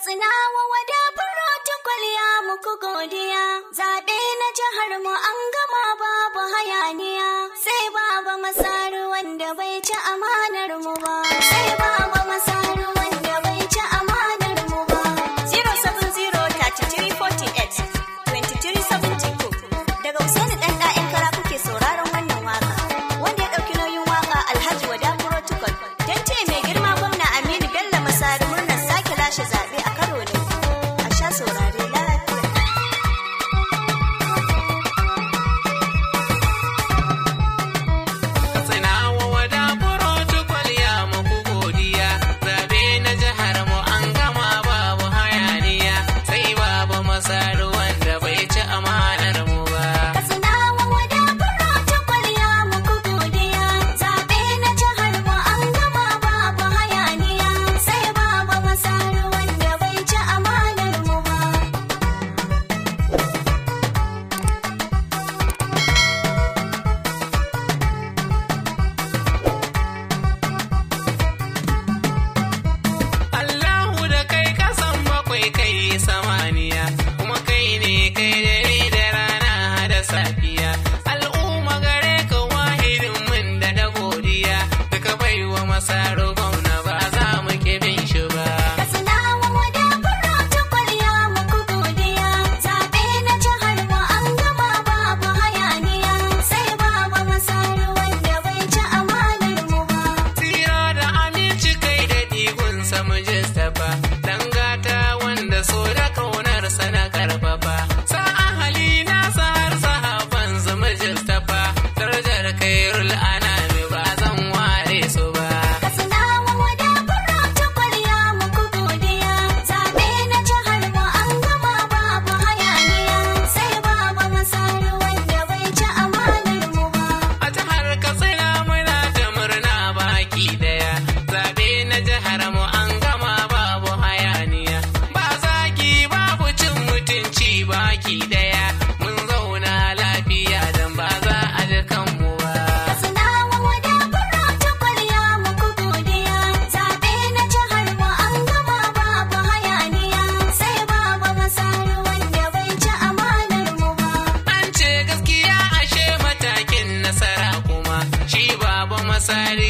katsina wa wada protocol ya muku godiya zaɓe na jihar mu an gama babu hayaniya sai baba masaru wanda bai ci amanar mu ba side.